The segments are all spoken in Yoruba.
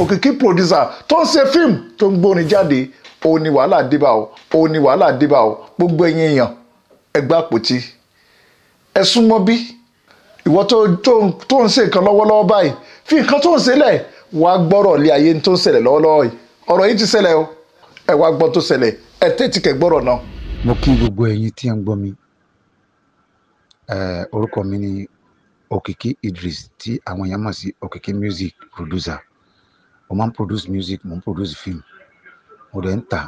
òkìkí producer tó ń ṣe fíìmù tó ń gbórin jáde òun wàhálà débà o òun ni wàhálà débà o gbogbo ẹ̀yin èèyàn ẹ gbá àpótí ẹ súnmọ́ bí ìwọ tó ń ṣe nǹkan lọ́wọ́lọ́wọ́ báyìí fi nǹkan tó ń ṣẹlẹ̀ wá gbọ́rọ̀ lé ayé tó ń ṣẹlẹ̀ lọ́wọ́lọ́wọ́ yìí ọ̀rọ̀ yìí ti ṣẹlẹ̀ o ẹ wá gbọ́ tó ṣẹlẹ̀ ẹ tètè kẹ́ gbọ́rọ̀ náà. mo kí gbogbo ẹ̀yin tí ń gbọ́ mi orúkọ mi ni òkìkí idris tí àwọn èèyàn mọ̀ sí òkìkí music producer mo máa ń produce music mo ń produce film mo dẹ̀ ń tà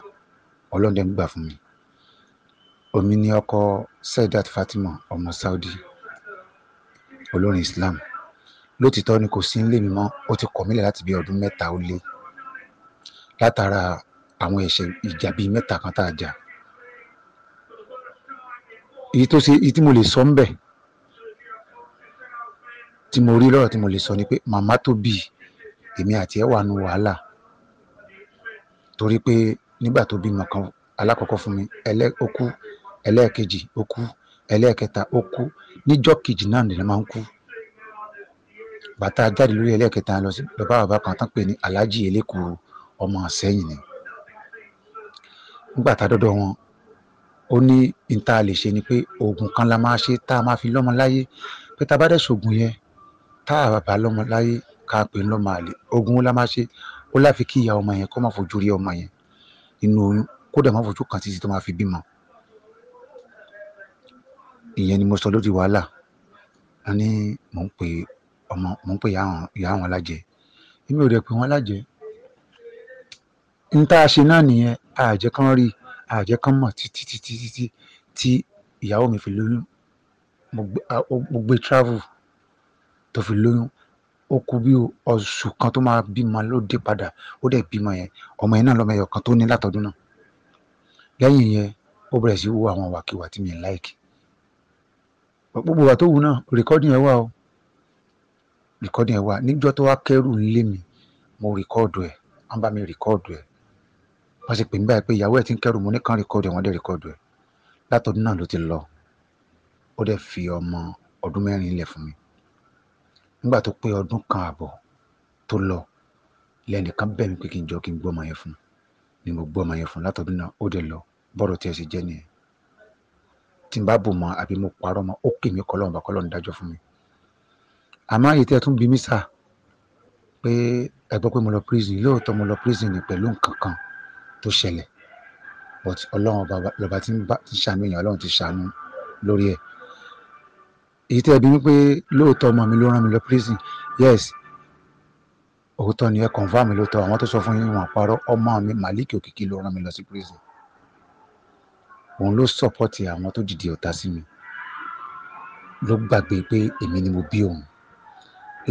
ọlọ́run dẹ̀ ń gbà fún mi omi ni ọkọ Saidat Fatima ọmọ Saudi olórin Islam lótìtọ́ ni kò sí nílé mi mọ́ ó ti kọ̀ mílẹ̀ láti bí ọdún mẹ́ta ó lé látara àwọn ẹ̀ṣẹ̀ ìjà bíi mẹ́ta kan tá a jà èyí tó ṣe èyí tí mo lè sọ ń bẹ̀ tí mo rí lọ́rọ̀ tí mo lè sọ ni pé màmá tó bí i èmi àti ẹ̀ wà nù wàhálà torí pé nígbà tó bímọ kan alákọ̀ọ́kọ́ fún mi ẹlẹ́ ó kú ẹlẹ́ẹ̀kejì ó kú ẹlẹ́ẹ̀kẹta ó kejì náà nìyẹn máa ń kú bàtà jáde lórí ẹlẹ́ẹ̀kẹta lọ sí bàbá bàbá kan tán pè ní aláàjì elékuru ọmọ sẹ́yìn ni nígbà tá a dọ́dọ̀ wọn ó ní n ta lè ṣe ni pé oògùn kan la máa ṣe tá a máa fi lọ́mọ láyé pé tá a bá dẹ̀ ṣoògùn yẹn tá a bá lọ́mọ láyé ká pè ń lọ́mọ àlè ogun ó lá máa ṣe ó láfi kí ìyá ọmọ yẹn kó má fojú rí ọmọ yẹn inú oyún kódà má fojú kan títí tó máa fi bímọ ìyẹn ni mo sọ lórí wàhálà wọn ní mò ń pè ọmọ mò ń pè ìyá àwọn alájẹ èmi ò rẹ pé wọn alájẹ n ṣe náà nìyẹn àjẹ kan rí àjẹ kan mọ títí títí títí tí ìyàwó mi fi lóyún mo gbé travel tó fi lóyún ó kù bí oṣù kan tó máa bímọ ló dé padà ó dẹ̀ bímọ yẹn ọmọ yẹn náà lọ́mọ ẹyọ kan tó ní látọdún náà lẹ́yìn yẹn ó bẹ̀rẹ̀ sí wo àwọn wàkiwà tí mi ń láìkì gbogbo wa tó wù náà rìkọ́dì ẹ̀ wà o rìkọ́dì ẹ̀ wà níjọ́ tó wá kẹ́rù ńlé mi mo rìkọ́ọ̀dù ẹ̀ wọ́n bá mi rìkọ́ọ̀dù ẹ̀ wọ́n sì pè mí báyìí pé ìyàwó ẹ̀ ti ń kẹ́rù mo ní kan rìkọ́ọ̀dù ẹ̀ wọ́n dẹ̀ rìkọ́ọ̀dù ẹ̀ látọdún náà ló ti lọ ó dẹ̀ fi ọmọ ọdún mẹ́rin lẹ̀ fún mi nígbà tó pé ọdún kan àbọ̀ tó lọ lẹ́nìkan bẹ̀ mí pé kí n jọ kí n gbọ́ ọmọ yẹn fún ni mo gbọ́ ọmọ yẹn fún látọdún náà ó dẹ̀ lọ bọ́rọ̀ tí ẹ ṣe jẹ́ nìyẹn tí n bá bò mọ́ àbí mo parọ́ mọ́ ó kì mí kọ́lọ́run bá kọ́lọ́run dájọ́ fún mi àmọ́ èyí tí ẹ tún bí mí sà pé ẹ gbọ́ pé mo lọ prison lóòótọ́ mo lọ prison ní pẹ̀lú nǹkan kan tó ṣẹlẹ̀ but ọlọ́run lọ́ba tí ń ṣàánú èèyàn ọlọ́run ti ṣàánú lórí ẹ̀ èyí tí ẹ bí wípé lóòótọ́ ọmọ mi ló rán mi lọ prison yes òótọ́ ni ẹ confam mi lóòótọ́ àwọn tó sọ fún yín wọ́n parọ́ ọmọ mi Malik Òkìkí ló rán mi lọ sí prison òun ló sọpọ́tì àwọn tó dìde ọ̀tá sí mi ló gbàgbé pé èmi ni mo bí òun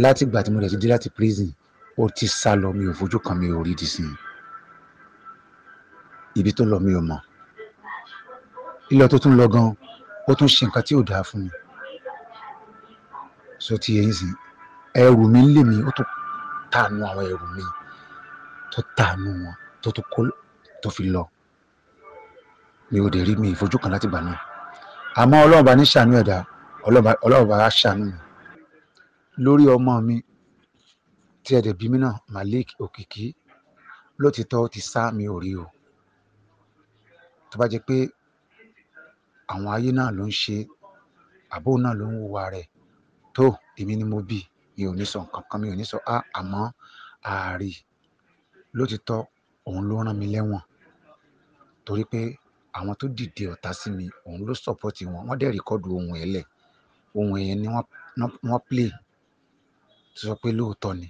láti ìgbà tí mo dẹ̀ ti dé láti prison ó ti sá lọ mi ò fojú kan mi ò rí di sí i ibi tó lọ mi ò mọ̀ ilé tó tún lọ gan ó tún ṣe nǹkan tí ò dáa fún mi so ti yẹn sìn ẹrù mi ń lè mi ó tó tànú àwọn ẹrù mi tó tànú wọn tó tó kó tó fi lọ mi ò dé rí mi ìfojú kan láti gbà náà àmọ́ ọlọ́run bá ní ṣàánú ẹ̀dá ọlọ́run bá ṣàánú mi lórí ọmọ mi tí ẹ̀dẹ̀ bí mi náà Malik Òkìkí lótìtọ́ ti sá mi ò rí o tó bá jẹ́ pé àwọn ayé náà ló ń ṣe àbó náà ló ń wúwa rẹ̀ tó èmi ni mo bí mi ò ní sọ nǹkan kan mi ò ní sọ ah, a àmọ́ ààrì lótìtọ́ òun ló rán mi lẹ́wọ̀n torí pé àwọn tó dìde ọ̀tá sí mi òun ló sọ̀pọ̀tì wọn wọ́n dẹ̀ rìkọ́dù ohun ẹ̀ lẹ̀ ohun ẹ̀yẹn ni wọ́n play tó sọ pé lóòótọ́ ni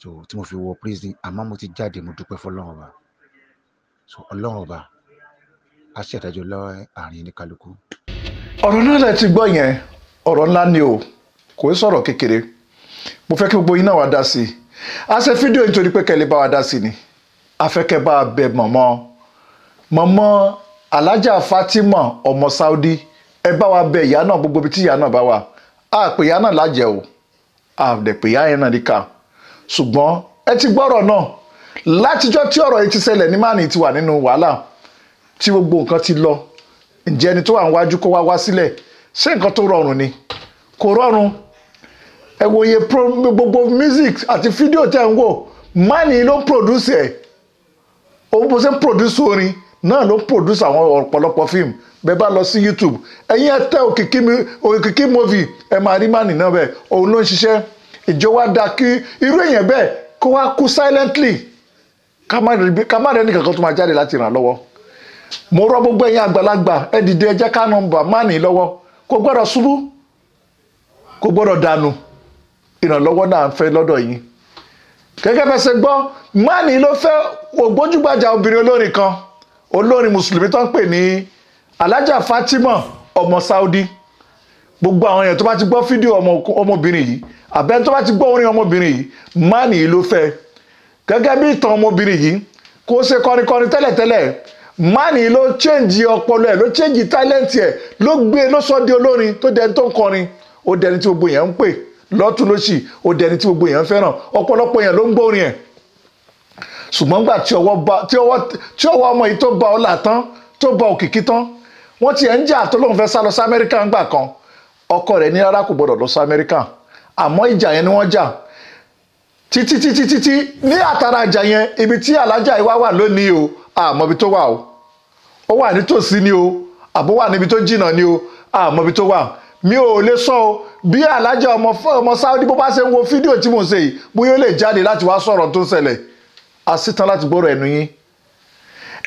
so tí mo fi wọ prison àmọ́ mo ti jáde mo dúpẹ́ fọlọ́run ọba so ọlọ́run ọba a ṣèdájọ́ lọ́wọ́ àárín ní kálukú. ọ̀rọ̀ náà lẹ ti gbọ́ yẹn ọ̀rọ̀ ńlá ni o. kò í sọ̀rọ̀ kékeré mo fẹ́ kí gbogbo iná wa wá dá sí i a ṣe fídíò nítorí pé kẹ́lẹ́ bá wa dá sí i ni afẹ́kẹ́ bá a bẹ mọ̀mọ́ mọ̀mọ́ alájà Fatima ọmọ Saudi ẹ bá wa bẹ ìyá náà gbogbo ibi tí ìyá náà bá wà á pè ìyá náà lájẹ o á dẹ̀ pè ìyá yẹn náà níkà ṣùgbọ́n ẹ ti gbọ́rọ̀ náà látijọ́ tí ọ̀rọ̀ yìí ti ṣẹlẹ̀ ní mánì ti wà nínú wàhálà tí gbogbo nǹkan ti lọ ǹjẹ́ ẹni tó wà níwájú kó wá wá sílẹ̀ ṣé nǹkan tó rọrùn ni kò rọrùn ẹ wo iye gbogbo music àti fídíò tẹ̀ ń wò mánì ló ń produce ẹ̀ òun bó ṣe ń produce orin náà ló ń produce àwọn ọ̀pọ̀lọpọ̀ fíìmù bẹ́ẹ̀ bá lọ sí YouTube ẹ̀yin ẹ tẹ òkìkí movie ẹ máa rí mánì náà bẹ́ẹ̀ òun ló ń ṣiṣẹ́ ìjọ wa da kí irú èèyàn bẹ́ẹ̀ kó wá kú silently ká má rẹ́ni kankan tó máa jáde láti ràn lọ́wọ́ mo rọ gbogbo ẹ̀yin àgbàlagbà ẹ dìde ẹ jẹ́ ká nọ́mbà mánì lọ́wọ́ kò gbọ́dọ̀ ṣubú kò gbọ́dọ̀ dànù ìrànlọ́wọ́ náà ń fẹ́ lọ́dọ̀ yìí gẹ́gẹ́ bẹ́ẹ̀ ṣe gbọ́ mani ló fẹ́ ògbójúgbàjà obìnrin olórin kan olórin mùsùlùmí tó ń pè ní alájà Fatima ọmọ Saudi gbogbo àwọn èèyàn tó bá ti gbọ́ fídíò ọmọbìnrin yìí àbẹ́ni tó bá ti gbọ́ orin ọmọbìnrin yìí mani ló fẹ́ gẹ́gẹ́ bí ìtàn ọmọbìnrin yìí kó ṣe kọrinkọrin tẹ́lẹ̀tẹ́lẹ̀ mani ló chẹ́ǹjì ọpọlọ ẹ̀ ló chẹ́ǹjì tálẹ́ǹtì ẹ̀ ló gbé ló sọ di olórin tó dẹni tó ń kọrin ó dẹni tí gbogbo yẹn ń pè lọ́tún lóṣì ó dẹni tí gbogbo èèyàn fẹ́ràn ọ̀pọ̀lọpọ̀ èèyàn ló ń gbórin ẹ̀ ṣùgbọ́n gbà tí ọwọ́ ọmọ yìí tó ba ọlà tán tó ba òkìkí tán wọ́n ti ẹ̀ ń jà tó lóun fẹ́ sá lọ sí amẹ́ríkà ńgbà kan ọkọ rẹ̀ ní rárá kò gbọ́dọ̀ lọ sí amẹ́ríkà àmọ́ ìjà yẹn ni wọ́n jà títí títí títí ní àtàrà ìjà yẹn ibi tí alájà yìí wá wà lónìí o àmọ́ ibi tó wà o ó wà nítòsí ni o àbó wà níbi tó jìnnà ni o àmọ́ ibi tó wà o mi ò lè sọ o bí alájà ọmọ ọmọ Saudi bó bá ṣe ń wo fídíò tí mo ṣe yìí bóyá ó lè jáde láti wá sọ̀rọ̀ tó ń ṣẹlẹ̀ àṣetán láti gbọ́rọ̀ ẹnu yín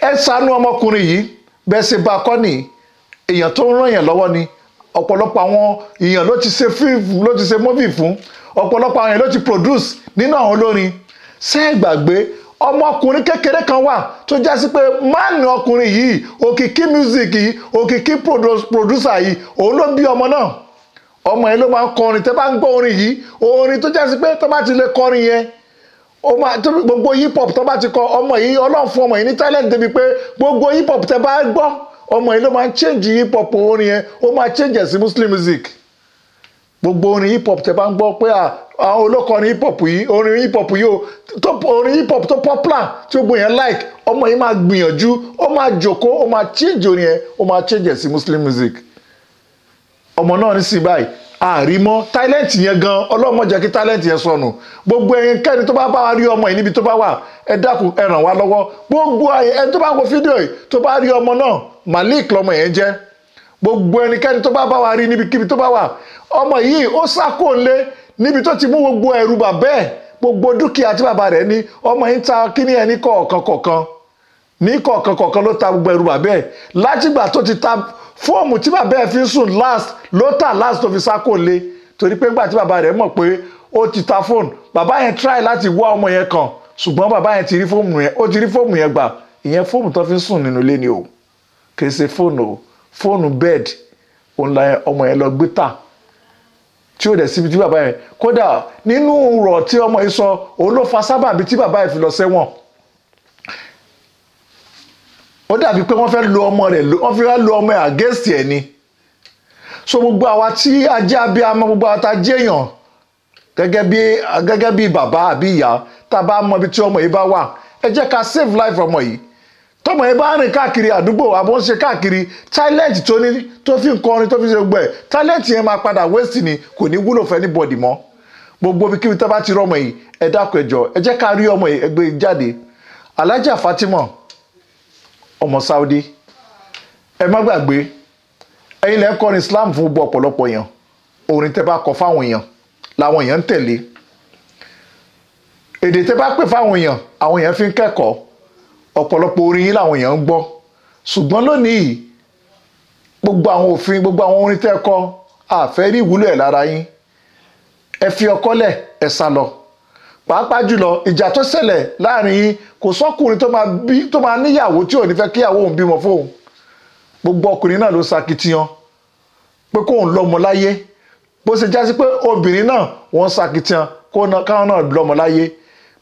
ẹ ṣàánú ọmọkùnrin yìí bẹ́ẹ̀ ṣe bá a kọ́ nìyí èèyàn tó ń ràn yàn lọ́wọ́ ni ọ̀pọ̀lọpọ̀ àwọn èèyàn ló ti ṣe fíìmù ló ti ṣe mọ́fì fún ọ̀pọ̀lọpọ̀ àwọn èèyàn ló ti produce nínú àwọn olórin ṣé ọmọkùnrin kékeré kan wà tó já sí pé máàni ọkùnrin yìí òkìkí music yìí òkìkí producer yìí òun ló bí ọmọ náà ọmọ yẹn ló máa ń kọrin tẹ bá ń gbọ́ orin yìí orin tó já sí pé tó bá ti yẹn gbogbo hip hop tó bá ti kọ ọmọ yìí ọlọ́run fún ọmọ pé gbogbo hip hop tẹ bá gbọ́ ọmọ yìí ló máa ń change hip hop orin yẹn ó máa change ẹ̀ sí muslim music àwọn olókọrin hip hop yìí orin hip hop yìí o tó orin hip hop tó popular tí ó gbóyè like ọmọ yìí máa gbìyànjú ó máa jòkó ó máa change orin yẹn ó máa change ẹ̀ sí muslim music ọmọ náà ní sí báyìí àrímọ́ talent yẹn gan ọlọ́mọ jẹ́ kí talent yẹn sọnù gbogbo ẹnikẹ́ni tó bá bá wa rí ọmọ yìí níbi tó bá wà ẹ dákun ẹ ràn wá lọ́wọ́ gbogbo ẹni tó bá wo fídíò yìí tó bá rí ọmọ náà malik lọmọ yẹn jẹ́ gbogbo ẹnikẹ́ni tó bá bá wa rí níbikíbi tó bá wà ọmọ yìí ó sá kó lé níbi tó ti mú gbogbo ẹrù bàbá ẹ̀ gbogbo dúkìá tí bàbá rẹ̀ ní ọmọ yìí ń ta kíní ẹ̀ ní kọ̀ọ̀kan kọ̀ọ̀kan ní kọ̀ọ̀kan kọ̀ọ̀kan ló ta gbogbo ẹrù bàbá látìgbà tó ti ta fóòmù tí bàbá ẹ̀ fi ń sùn last ló tà last tó fi sáko le torí pé ńgbà tí bàbá rẹ̀ mọ̀ pé ó ti ta fóònù bàbá yẹn try láti wá ọmọ yẹn kàn ṣùgbọ́n bàbá yẹn ti rí fóòmù yẹn ó ti rí fóòmù yẹn gbà ìyẹn fóònù tó fi ń sùn nínú ilé ni o kì í ṣe fóònù o fóònù bẹ́ẹ̀dì òun la ọmọ yẹn lọ gbé tà tí ó dẹ̀ síbi tí bàbá yẹn kódà nínú ọ̀rọ̀ tí ọmọ yìí sọ òun ló fa sábàbí tí bàbá yẹn fi lọ sẹ́wọ̀n ó dàbí pé wọ́n fẹ́ lo ọmọ rẹ̀ wọ́n fẹ́ lo ọmọ ẹ̀ against ẹ̀ ni so gbogbo àwa tí ajé abiyamọ gbogbo àwa tá a jẹ́ èèyàn gẹ́gẹ́ bí gẹ́gẹ́ bí bàbá àbí ìyá tá a bá mọ ibi tí ọmọ yìí bá wà ẹ jẹ́ ká save life ọmọ yìí tọmọ ẹ bá rìn káàkiri àdúgbò àbọ̀ ń ṣe káàkiri talent tó ní tó fi ń kọrin tó fi ń ṣe gbogbo ẹ̀ talent yẹn máa padà waste ni kò ní wúlò fẹ́ ní bọ̀dì mọ́ gbogbo ibikíbi tó bá ti rọmọ yìí ẹ dákun ẹ ẹ jẹ́ ká rí ọmọ yìí ẹ e jáde alájà Fatima ọmọ Saudi ẹ má gbàgbé ẹ̀yin lẹ kọrin Islam fún gbogbo ọ̀pọ̀lọpọ̀ èèyàn orin tẹ́ bá kọ fáwọn èèyàn làwọn èèyàn ń tẹ̀lé èdè tẹ́ bá pè fáwọn èèyàn àwọn ọ̀pọ̀lọpọ̀ orin yín làwọn èèyàn ń gbọ́ ṣùgbọ́n lónìí gbogbo àwọn òfin gbogbo àwọn orin tẹ́ kọ àfẹ́ rí ìwúlò ẹ̀ lára yín ẹ fi ọkọ́lẹ̀ ẹ sá lọ pàápàá jùlọ ìjà tó ṣẹlẹ̀ láàrin yín kò sọ́kùnrin tó máa níyàwó tí ò ní fẹ́ kíyàwó òun bímọ fóun gbogbo ọkùnrin náà ló ṣakitiyan pé kóun lọ́mọ láyé bó ṣe já sí pé obìnrin náà wọ́n ṣakitiyan káwọn náà lọ́mọ láyé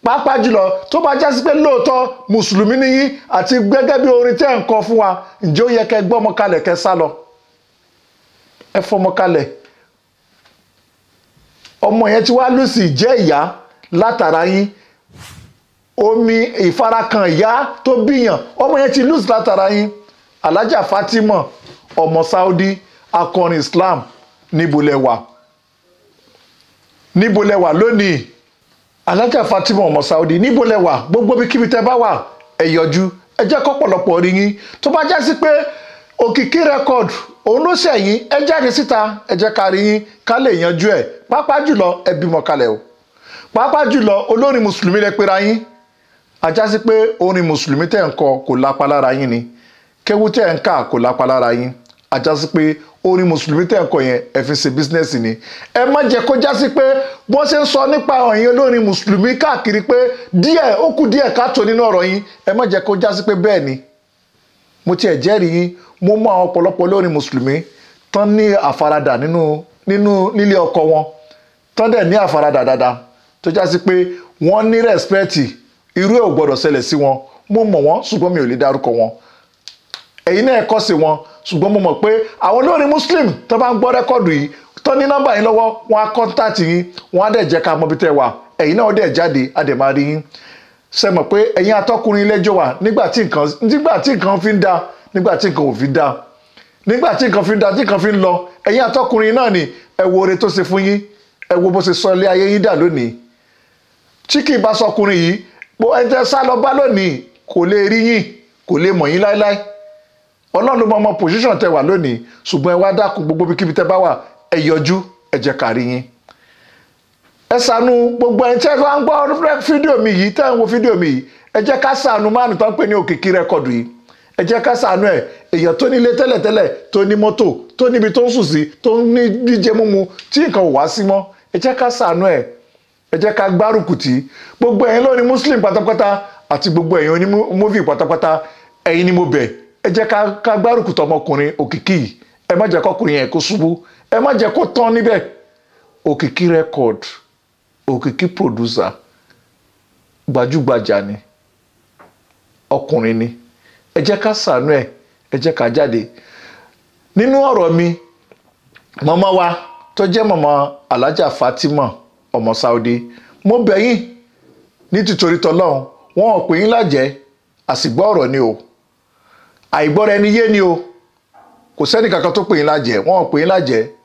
pàápàá jùlọ tó bá jásí pé lóòótọ́ mùsùlùmí nìyí àti gẹ́gẹ́ bí orin tẹ́ ń kọ fún wa ǹjẹ́ ó yẹ kẹ́ gbọ́mọ kalẹ̀ kẹ́ sá lọ ẹ fọmọ kalẹ̀ ọmọ yẹn ti wá lùsì jẹ́ ìyá látara yín omi ìfarakàn ìyá tó bíyàn ọmọ yẹn ti lùsì látara yín alájà Fatima ọmọ Saudi akọrin Islam níbo lẹ wà níbo lẹ wà lónìí alájà fatima ọmọ saudi níbo lẹ wà gbogbo bí kíbi tẹ bá wà ẹ yọjú ẹ jẹ́ kọ́pọ̀lọpọ̀ rí yín tó bá já sí pé òkìkí rẹkọd òun ló ṣẹ̀yìn ẹ jáde síta ẹ jẹ́ ká rí yín ká lè yanjú ẹ̀ pàápàá jùlọ ẹ bímọ kalẹ̀ o pàápàá jùlọ olórin mùsùlùmí lẹ pera yín ajá sí pé orin mùsùlùmí tẹ̀ ń kọ kò lápa lára yín ni kéwú tẹ̀ ń kà kò lápa lára yín ajá sí pé orin mùsùlùmí tẹ̀ kọ yẹn ẹ fi ṣe bísínẹ́sì ni ẹ má jẹ́ kó já sí pé bó ṣe ń sọ nípa ọ̀yin olórin mùsùlùmí káàkiri pé díẹ̀ ó kù díẹ̀ káàtó nínú ọ̀rọ̀ yín ẹ má jẹ́ kó já sí pé bẹ́ẹ̀ ni mo tiẹ̀ jẹ́rìí yín mo mú àwọn ọ̀pọ̀lọpọ̀ olórin mùsùlùmí tán ní àfaradà nínú nínú nílé ọkọ wọn tán dẹ̀ ní àfaradà dáadáa tó já sí pé wọ́n ní rẹ́spẹ́ẹ̀tì irú ẹ̀ ò gbọ́dọ̀ ṣẹlẹ̀ sí wọn mo mọ̀ wọ́n ṣùgbọ́n mi ò lè dárúkọ wọn ẹ̀yin náà kọ́ sí wọn ṣùgbọ́n mo mọ̀ pé àwọn olórin muslim tó bá ń gbọ́ rẹ́kọ̀dù yìí tó ní nọ́mbà yín lọ́wọ́ wọn á kọ́ńtàtì yín wọn á dẹ̀ jẹ́ ká mọ̀ bí tẹ́ wà ẹ̀yin náà dẹ̀ jáde á dẹ̀ máa rí yín ṣe mọ̀ pé ẹ̀yin atọ́kùnrin ilẹ́jọ́ wà nígbà tí nǹkan fi ń da nígbà tí nǹkan ò fi ń da nígbà tí nǹkan fi ń da tí nǹkan fi ń lọ ẹ̀yin atọ́kùnrin náà ni ẹ wo oore tó ṣe fún yín ẹ wo bó ṣe sọ ilé ayé yín dà lónìí tí kì í bá sọkùnrin yìí pé ẹ jẹ́ sá lọ bá lónìí kò lè rí yín kò lè mọ̀ yín láéláé ọlọ́run mọ ọmọ pòṣíṣàn tẹ wà lónìí ṣùgbọ́n ẹ wá dákun gbogbo bíkíbi tẹ bá wà ẹ yọjú ẹ jẹ́ yín. ẹ ṣàánú gbogbo ẹ̀ ń tẹ́ wá ń gbọ́ fídíò mi yìí tẹ́ ń wo fídíò mi yìí ẹ jẹ́ ká ṣàánú máàlù tó ń pè ní òkìkí rẹ́kọ̀dù yìí ẹ jẹ́ ká ṣàánú ẹ̀ èèyàn tó nílé tẹ́lẹ̀tẹ́lẹ̀ tó ní mọ́tò tó níbi tó ń sùn sí tó ní jíjẹ múmu tí nǹkan ò wá sí mọ́ ẹ jẹ́ ká ṣàánú ẹ̀ ẹ jẹ́ ká gbárùkù tì gbogbo ẹ̀yin lóní muslim pátápátá àti gbogbo ẹ̀yin oní pátápátá ẹ̀yin ni mo bẹ̀ ẹ jẹ́ ká gbárùkù tọmọkùnrin òkìkí yìí ẹ má jẹ́ kọkùnrin yẹn kó ṣubú ẹ má jẹ́ kó tán níbẹ̀ òkìkí record òkìkí producer gbajúgbajà ni ọkùnrin ni ẹ jẹ́ ká ṣàánú ẹ̀ ẹ jẹ́ ká jáde nínú ọ̀rọ̀ mi màmá wa tó jẹ́ màmá alájà Fatima ọmọ Saudi mo bẹ̀ yín ní tìtorí tọ́lọ́run wọn ò pè yín lájẹ́ àsìgbọ́ ọ̀rọ̀ ni o àìgbọ́ra ẹni yé ni o kò sẹ́ni kankan tó pè yín lájẹ́ wọ́n pè yín lájẹ́